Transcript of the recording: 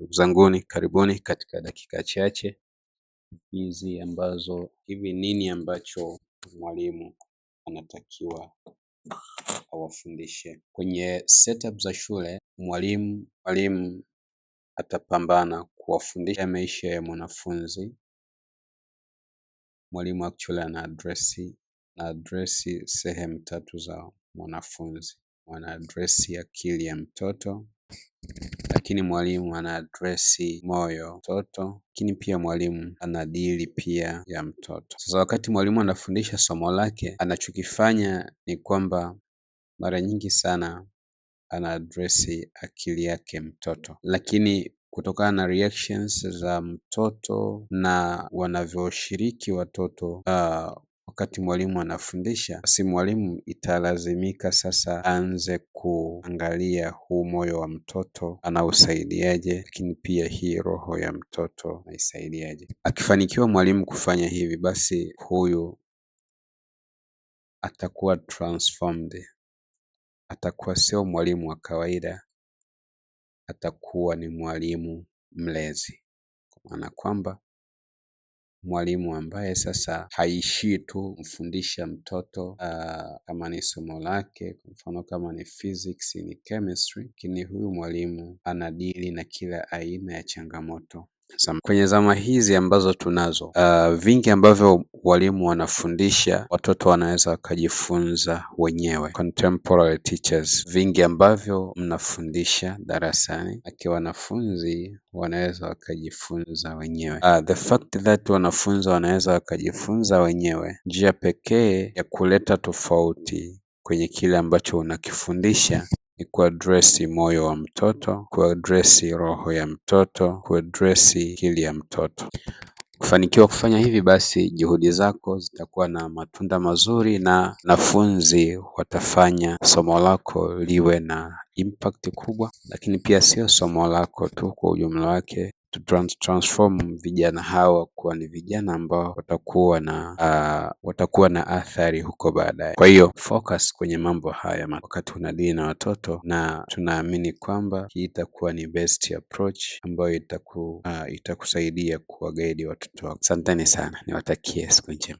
Ndugu zanguni karibuni katika dakika chache hizi ambazo hivi nini ambacho mwalimu anatakiwa awafundishe. Kwenye setup za shule mwalimu mwalimu atapambana kuwafundisha maisha ya mwanafunzi. Mwalimu actually ana address na adresi sehemu tatu za mwanafunzi, ana adresi akili ya mtoto lakini mwalimu adresi moyo mtoto, lakini pia mwalimu ana dili pia ya mtoto. Sasa wakati mwalimu anafundisha somo lake, anachokifanya ni kwamba mara nyingi sana ana adresi akili yake mtoto, lakini kutokana na reactions za mtoto na wanavyoshiriki watoto uh, wakati mwalimu anafundisha, basi mwalimu italazimika sasa aanze kuangalia huu moyo wa mtoto anausaidiaje, lakini pia hii roho ya mtoto anaisaidiaje. Akifanikiwa mwalimu kufanya hivi, basi huyu atakuwa transformed, atakuwa sio mwalimu wa kawaida, atakuwa ni mwalimu mlezi, kwa maana kwamba mwalimu ambaye sasa haishii tu kumfundisha mtoto uh, kama ni somo lake, kwa mfano kama ni physics, ni chemistry, lakini huyu mwalimu anadili na kila aina ya changamoto. Kwenye zama hizi ambazo tunazo, ah, vingi ambavyo walimu wanafundisha watoto wanaweza wakajifunza wenyewe, contemporary teachers. Vingi ambavyo mnafundisha darasani akiwa wanafunzi wanaweza wakajifunza wenyewe. Ah, the fact that wanafunzi wanaweza wakajifunza wenyewe, njia pekee ya kuleta tofauti kwenye kile ambacho unakifundisha ni kuadresi moyo wa mtoto, kuadresi roho ya mtoto, kuadresi akili ya mtoto. kufanikiwa kufanya hivi basi juhudi zako zitakuwa na matunda mazuri na wanafunzi watafanya somo lako liwe na impact kubwa, lakini pia sio somo lako tu kwa ujumla wake transform vijana hawa kuwa ni vijana ambao watakuwa na uh, watakuwa na athari huko baadaye. Kwa hiyo focus kwenye mambo haya wakati una dini na watoto, na tunaamini kwamba hii itakuwa ni best approach ambayo itaku, uh, itakusaidia guide watoto wako. Asanteni sana, niwatakie siku njema.